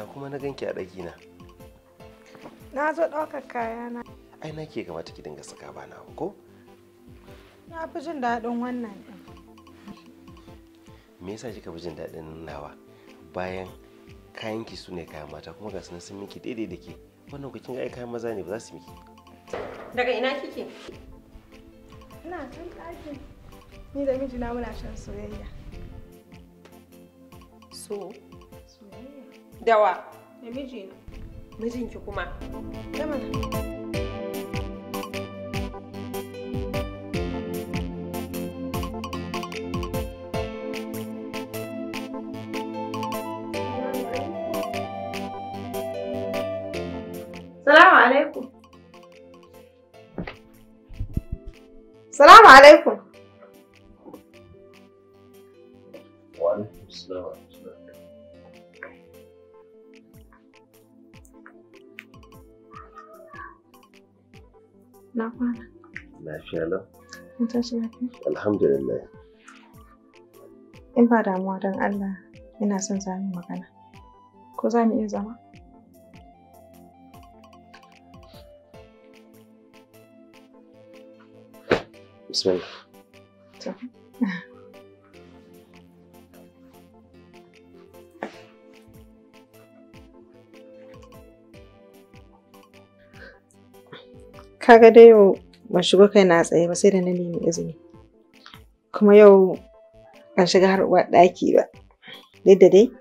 ya kuma na ganki a ɗaki na na zo ɗaukar kayana ai na ke kamata ki dinga saka bana ko na fi jin daɗin wannan ɗin me yasa kika fi jin daɗin nawa bayan kayan ki su ne kayan mata kuma ga sunan sun miki daidai da ke wannan kukin ga kayan maza ne ba za su miki daga ina kike ina son ɗakin ni da mijina muna shan soyayya so Dawa. Da mijina. Mijinki kuma. Dama. Salamu alaikum. Salamu alaikum. Wa alaikum salam. Na kwana. Lafiya lau. An tashi lafiya. Alhamdulillah. In ba damuwa don Allah ina son za mu magana. Ko za mu iya zama? Bismillah. kaga dai yau ban shigo kai na tsaye ba sai da na nemi izini kuma yau ban shiga har uwa ɗaki ba duk da dai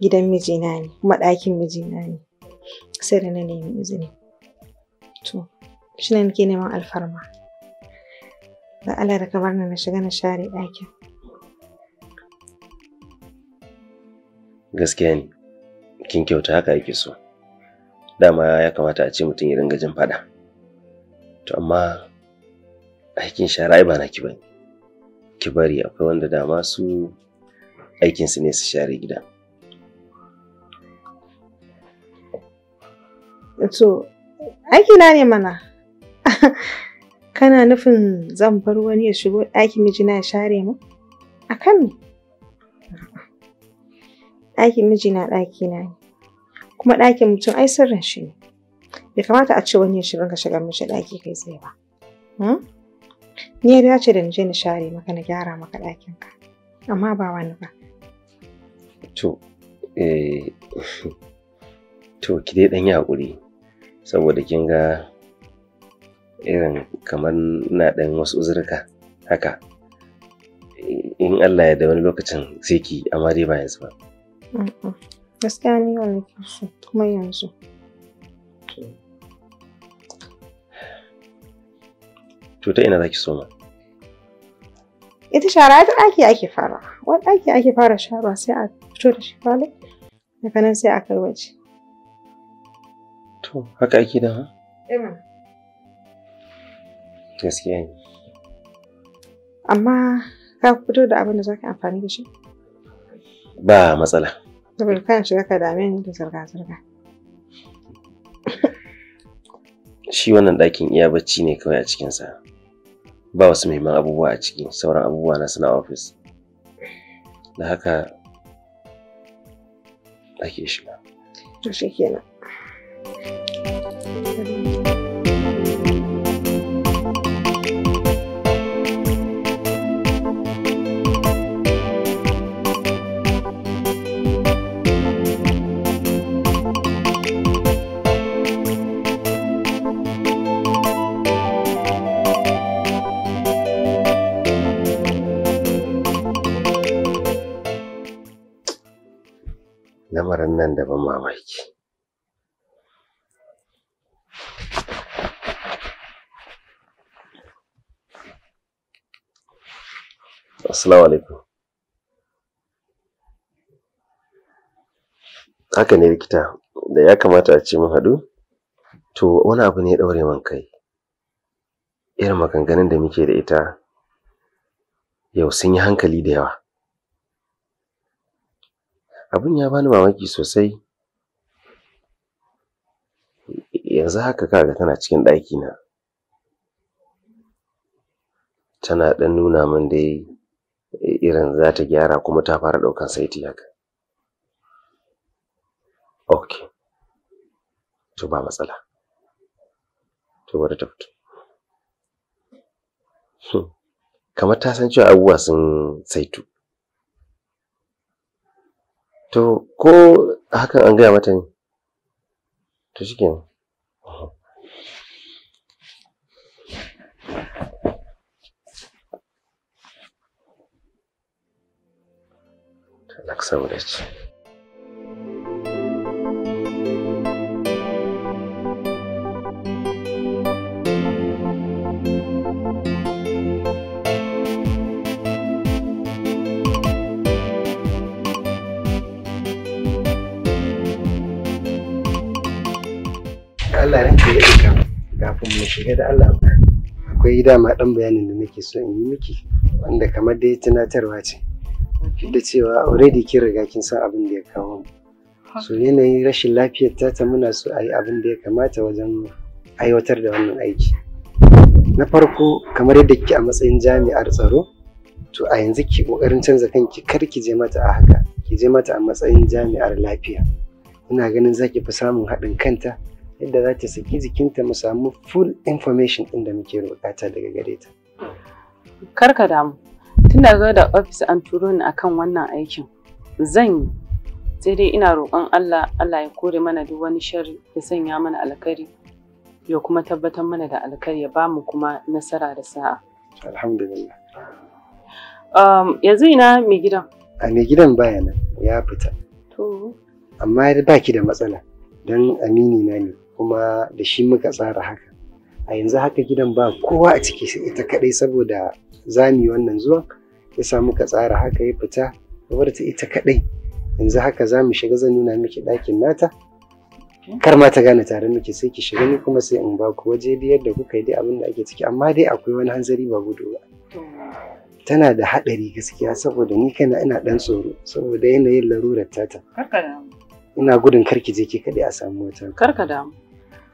gidan mijina ne kuma ɗakin mijina ne sai da na nemi izini to shi ne nake neman alfarma da Allah da kamar na shiga na share ɗakin gaskiya ne kin kyauta haka yake so dama ya kamata a ce mutum ya dinga jin faɗa to amma aikin shara ai ba naki bane ki bari akwai wanda dama su aikinsu ne su share gida to aikina ne mana kana nufin zan bar wani ya shigo ɗakin mijina ya share mu a kan ne. ɗakin mijina ɗakina ne kuma ɗakin mutum ai sirrin shi ne bai kamata a ce wani ya shirin ka shiga mishi ɗaki kai tsaye ba hmm? ni ya dace da je ni share maka na gyara maka ɗakin ka amma ba wani ba to eh to ki dai ɗan yi hakuri saboda kin ga irin kamar na ɗan wasu uzurka haka in Allah ya da wani lokacin sai ki amma dai ba yanzu ba gaskiya ni wani kusa kuma yanzu to ta ina za ki soma ita shara ta ɗaki ake fara wani ɗaki ake fara shara sai a fito da shi falo daga nan sai a karwace to haka ake da ha eh gaskiya ne amma ka fito da abin da za ka amfani da shi ba matsala saboda kan shiga ka dame ni da zirga-zirga shi wannan ɗakin iya bacci ne kawai a cikinsa ba wasu muhimman abubuwa a ciki sauran abubuwa na suna ofis da haka ake shiga to shi kenan al'amarin nan da ban mamaki assalamu alaikum haka ne likita da ya kamata a ce mun haɗu to wani abu ne ya ɗaure man kai irin maganganun da muke da ita yau sun yi hankali da yawa abin ya bani mamaki sosai yanzu haka kaga tana cikin ɗaki na tana ɗan nuna min dai irin za ta gyara kuma ta fara ɗaukan saiti haka ok to ba matsala to bari ta fito hmm. kamar ta san cewa abubuwa sun saitu to ko hakan an gaya mata ne to shi kenan Allah ranke da duka kafin mu shiga da Allah akwai dama dan bayanin da nake so in yi miki wanda kamar dai tunatarwa ce da cewa already kin riga kin san abin da ya kawo mu so yanayin rashin lafiyar tata muna so a yi abin da ya kamata wajen aiwatar da wannan aiki na farko kamar yadda kike a matsayin jami'ar tsaro to a yanzu ki kokarin canza kanki kar ki je mata a haka ki je mata a matsayin jami'ar lafiya ina ganin zaki fi samun haɗin kanta yadda za ta saki jikinta mu samu full information ɗin da muke bukata daga gare ta. Kar ka damu, tun daga da ofis an turo ni akan wannan aikin zan yi. Sai dai ina roƙon Allah, Allah ya kore mana duk wani sharri ya sanya mana alkhairi ya kuma tabbatar mana da alkhairi ya bamu kuma nasara da sa'a. Alhamdulillah. Um, yanzu ina mai gidan. A mai gidan baya nan ya fita. To. Amma ba ki da matsala. don amini na ne kuma da shi muka tsara haka a yanzu haka gidan ba kowa a ciki ita kadai saboda zami wannan zuwan yasa muka tsara haka ya fita bar ta ita kadai yanzu haka za mu shiga zan nuna miki ɗakin nata kar ma ta gane tare muke sai ki shiga ni kuma sai in ba ku waje da yadda kuka yi dai abin da ake ciki amma dai akwai wani hanzari ba gudu ba tana da haɗari gaskiya saboda ni kana ina ɗan tsoro saboda yanayin larurar tata ina gudun karki je ki kaɗai a samu wata karka damu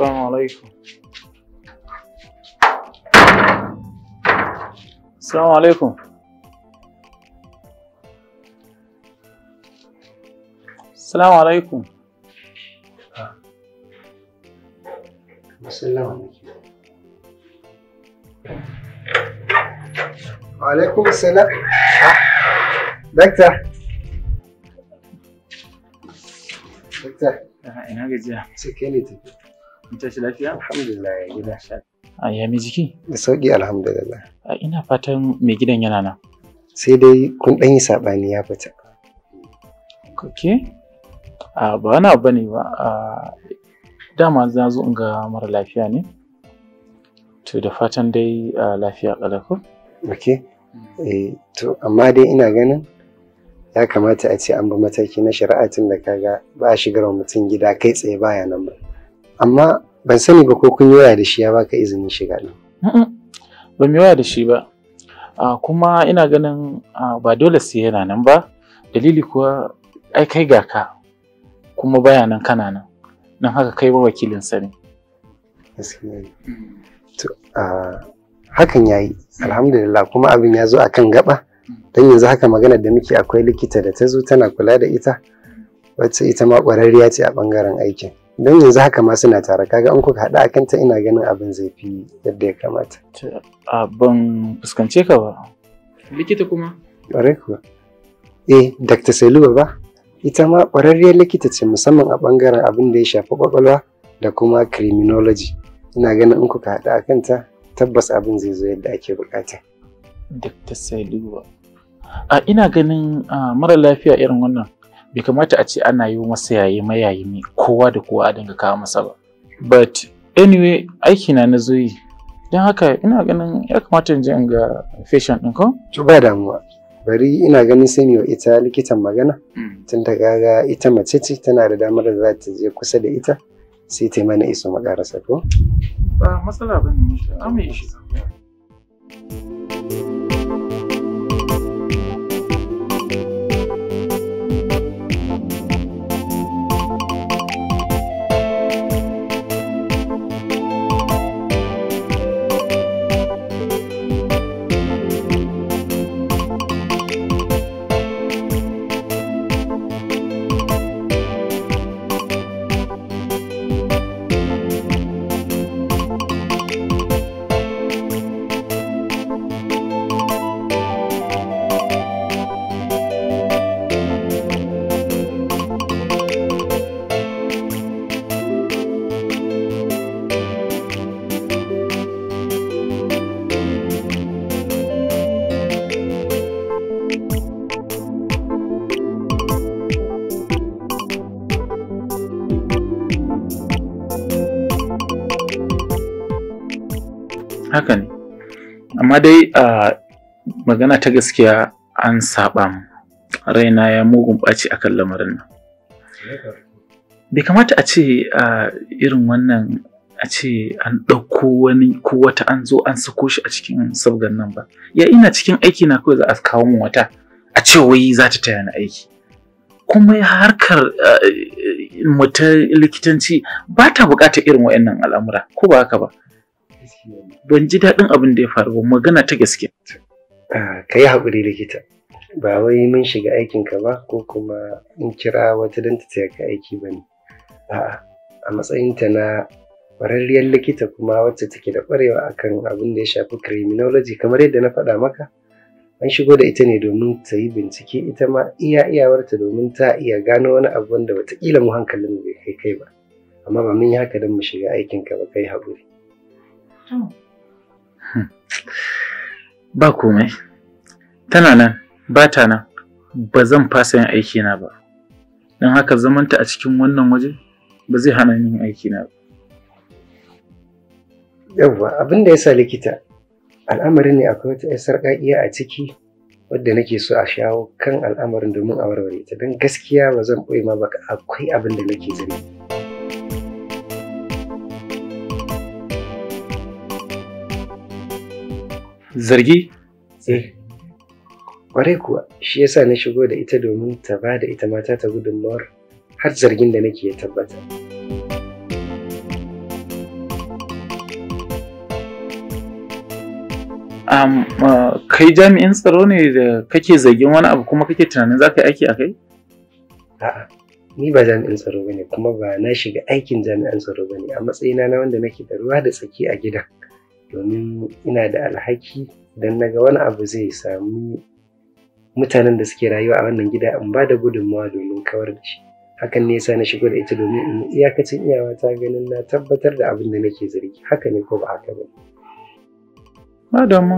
السلام عليكم السلام عليكم السلام عليكم السلام عليكم وعليكم السلام دكتور دكتور دكتور دكتور اه انا جيت سكينتي Ita shi lafiya? Alhamdulillah ya gida A ya mai jiki? Da sauƙi alhamdulillah. A ina fatan mai gidan yana nan. Sai dai kun ɗan yi saɓani ya fita. Ok. A ba wani ba. ne ba. Dama za zo in ga mara lafiya ne. To da fatan dai lafiya ƙalaku. Eh, to amma dai ina ganin ya kamata a ce an bi mataki na shari'a tun da kaga ba a shigar mutum gida kai tsaye baya nan ba. amma ban sani ba ko kun yi waya da shi ya baka izinin shiga nan ba mu waya da shi ba kuma ina ganin ba dole sai yana nan ba dalili kuwa ai kai ga ka kuma bayanan nan kana nan haka kai ba wakilin sa ne hakan yayi alhamdulillah kuma abin ya zo akan gaba don yanzu haka magana da muke akwai likita da ta zo tana kula da ita wacce ita ma ƙwararriya ce a ɓangaren aikin don yanzu haka ma suna tare kaga an kuka haɗa ta ina ganin abin zai fi yadda ya kamata ban fuskance ka ba likita kuma ƙwarai kuwa eh dr Selu ba ita ma ƙwararriyar likita ce musamman a ɓangaren abin da ya shafi ƙwaƙwalwa da kuma criminology ina ganin in kuka haɗa a kanta tabbas abin zai zo yadda ake buƙata. Dr. ba. a ina ganin mara lafiya irin wannan bai kamata a ce ana yi masa yayi mayayi ne kowa da kowa a dinga kawo masa ba but anyway aiki na na zoyi. don haka ina ganin ya kamata in je in ga fashion din, ko to ba damuwa bari ina ganin sai ita likitan magana hmm. tun da gaga ita mace ce tana da damar da za ta je kusa da ita sai ta yi mana iso magarasa ko ba matsala bane mu amma shi Thank you. amma dai a magana ta gaskiya an saba mu raina ya mugun ɓaci kan lamarin nan bai kamata a ce a irin wannan a ce an ɗauko wani ko wata an zo an sako shi a cikin sabgan nan ba ya ina cikin aiki na kawai za a kawo min wata a ce wai za ta taya ni aiki kuma harkar mu ta likitanci ba ta buƙatar irin wa'annan al'amura ko ba haka ba ban ji daɗin abin da ya faru ba magana ta gaske ka yi haƙuri likita ba wai mun shiga aikin ka ba ko kuma in kira wata don ta aiki ba ne a'a a matsayinta na ƙwararriyar likita kuma wacce take da ƙwarewa akan abin da ya shafi criminology kamar yadda na faɗa maka an shigo da ita ne domin ta yi bincike ita ma iya iyawarta domin ta iya gano wani abu wanda watakila mu hankalin bai kai kai ba amma ba mun yi haka don mu shiga aikin ka ba kai haƙuri Hmm. Hmm. Ba komai. Tana nan, ba ta nan, ba zan fasa yin aikina ba. Don haka zamanta a cikin wannan waje ba zai hana yin aikina ba. Yawwa, abin da ya sa likita, al'amarin ne akwai wata 'yar sarƙaƙiya a ciki wadda nake so a shawo kan al'amarin domin a warware ta don gaskiya ba zan ɓoye ma ba akwai abin da nake zargi. Zargi? Eh. Kwarai kuwa shi yasa na shigo da ita domin ta ba da ita mata ta gudunmawar har zargin da nake ya tabbata. Um, kai jami'in tsaro ne da kake zargin wani abu kuma kake tunanin za ka yi aiki a kai? A'a, ni ba jami'in tsaro ba ne kuma ba na shiga aikin jami'in tsaro ba ne a matsayina na wanda nake da ruwa da tsaki a gidan. domin ina da alhaki don naga wani abu zai sami mutanen da suke rayuwa a wannan gida in ba da gudunmawa domin kawar da shi hakan ne yasa na shigo da ita domin in iyakacin iyawa ta ganin na tabbatar da abin da nake zargi haka ne ko ba haka ba. Madamu.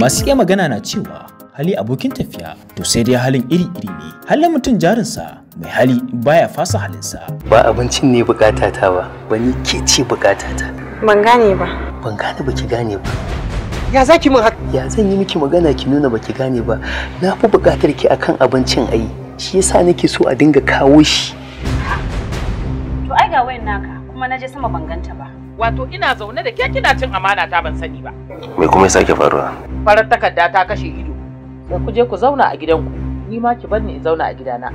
masu iya magana na cewa hali abokin tafiya to sai dai halin iri-iri ne halin mutum jarinsa mai hali baya fasa halinsa ba abincin ne ta ba wani ke ce ta? ban gane ba ban gane ba ki gane ba ya zaki mun haka ya zan yi miki magana ki nuna baki gane ba na fi bukatar ki akan abincin ai shi yasa nake so a dinga kawo shi to ai ga wayan naka kuma naje sama ban ganta ba wato ina zaune da ke kina cin amana ta ban sani ba me kuma ya ke faruwa farar takarda ta kashe ido da ku je ku zauna a gidanku ni ma ki bar ni in zauna a gidana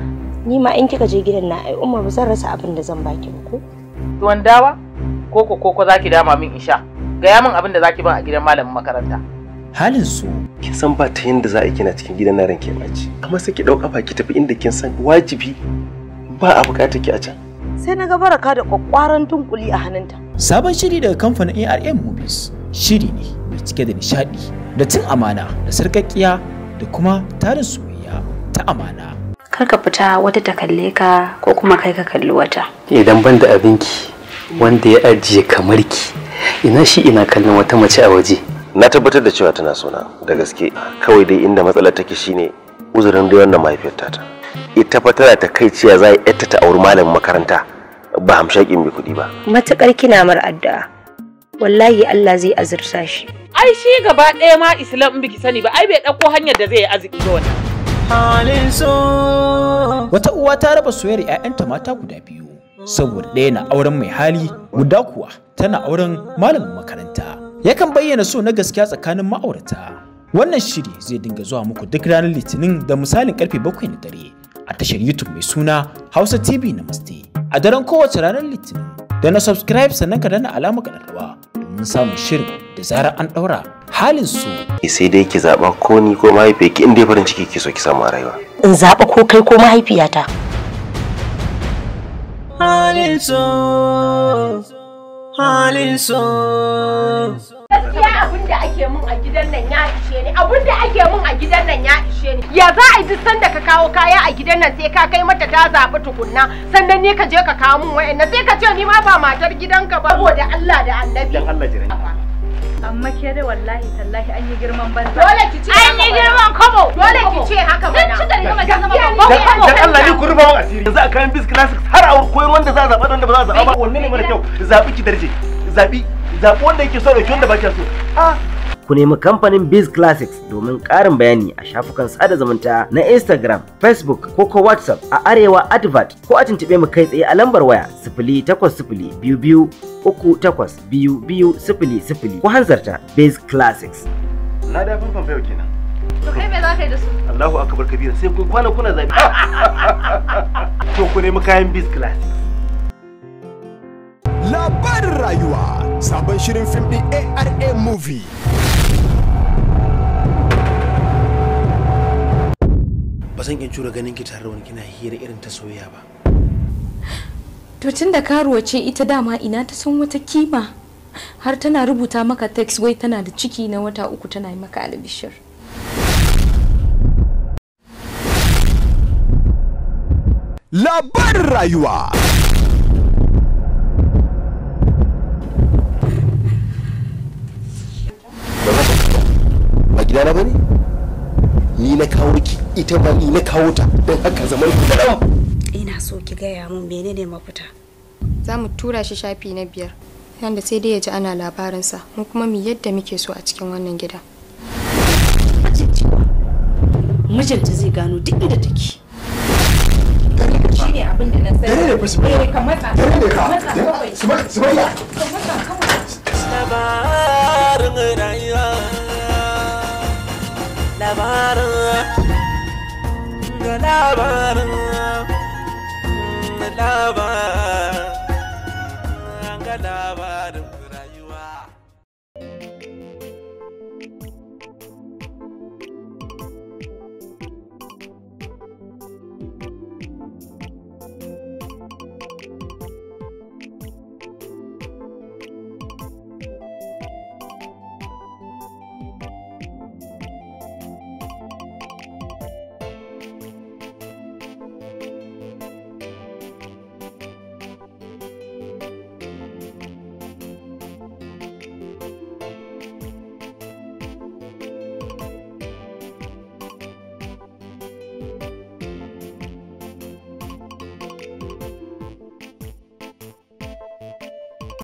ni ma in kika je gidan na ai umar zan rasa abin da zan baki ba ko tuwon dawa koko za zaki dama min in sha gaya min abin da zaki ban a gidan malamin makaranta halin su kin san ba ta yanda za a kina cikin gidan na ranke baci Amma sai ki dauka ba ki tafi inda kin san wajibi ba a bukata ki a can sai na ga baraka da kwakwaran tunkuli a hannunta sabon shiri daga kamfanin ARM Movies shiri ne mai cike da nishadi da cin amana da sarƙaƙiya da kuma tarin soyayya ta amana. Kar ka fita wata ta kalle ka ko kuma kai ka kalli wata. Idan ban da abinki wanda ya ajiye kamar ki ina shi ina kallon wata mace a waje. Na tabbatar da cewa tana sona da gaske kawai dai inda matsalar take shine uzurin da wannan mahaifiyar ta. Ita fa tana ta kai ciya za ta ta auri malamin makaranta ba hamshakin bai kuɗi ba. Matuƙar kina mar addu'a wallahi Allah zai azurta shi. ai shi gaba ɗaya ma islam in biki sani ba ai bai ɗauko hanyar da zai yi arziki da wannan halin so wata uwa ta raba soyayyar 'ya'yanta mata guda biyu saboda ɗaya na auren mai hali guda kuwa tana auren malamin makaranta yakan bayyana so na gaskiya tsakanin ma'aurata wannan shiri zai dinga zuwa muku duk ranar litinin da misalin karfe bakwai na dare a tashar youtube mai suna hausa tv namaste a daren kowace ranar litinin da na subscribe sannan ka dana alamar ƙararrawa sun samu shirin da zarar an ɗaura halin su. Eh, sai dai ki zaɓa ko ni ko mahaifiyarki ki inda farin ciki ki so ki samu a rayuwa. In zaɓa ko kai ko mahaifiyata. Halin su halin su abin da ake min a gidan nan ya ishe ni abin da ake min a gidan nan ya ishe ni ya za a ji sanda ka kawo kaya a gidan nan sai ka kai mata ta zaɓi tukunna sannan ne ka je ka kawo min wa'annan sai ka ce ni ma ba matar gidanka ba saboda Allah da Annabi dan Allah jira amma ke dai wallahi tallahi an yi girman banza dole ki ce an yi girman kobo dole ki ce haka mana zan ci da rigama ta zama babban dan Allah ni ku rufa mun asiri yanzu a kan bis classics har aure koyon wanda za a zaɓa wanda ba za a zaɓa ba wanne ne mara kyau zaɓi ki darje zaɓi zaɓi wanda yake so da wanda ba kya so Ku nemi kamfanin Biz Classics domin karin bayani a shafukan sada zumunta na Instagram, Facebook ko ko WhatsApp a Arewa Advert ko a tuntube mu kai tsaye a lambar waya sifili ko hanzarta Biz Classics. Na da fanfan fayo kenan. To kai me za ka yi da su? Allahu akbar kabira sai kun kwana kuna zabi. To ku nemi kayan Biz Classics. Tsarin rayuwa sabon shirin fim ɗin ARA movie. Ba san kin cura ganin ki tare wani kina hira irin ta soya ba. To tun da karuwa ce ita dama ina ta san wata kima har tana rubuta maka text wai tana da ciki na wata uku tana yi maka albishir. labar rayuwa. gidana ba ne ni na kawo ki ita ba ni na kawo ta don haka zaman ku da ina so ki gaya mun menene mafita za mu tura shi shafi na biyar yanda sai dai ya ji ana labarinsa mu kuma mu yadda muke so a cikin wannan gida. mijinta zai gano duk inda take shi ne abin da na sani eh, ka matsa labarin ga labarin labarin ga labarin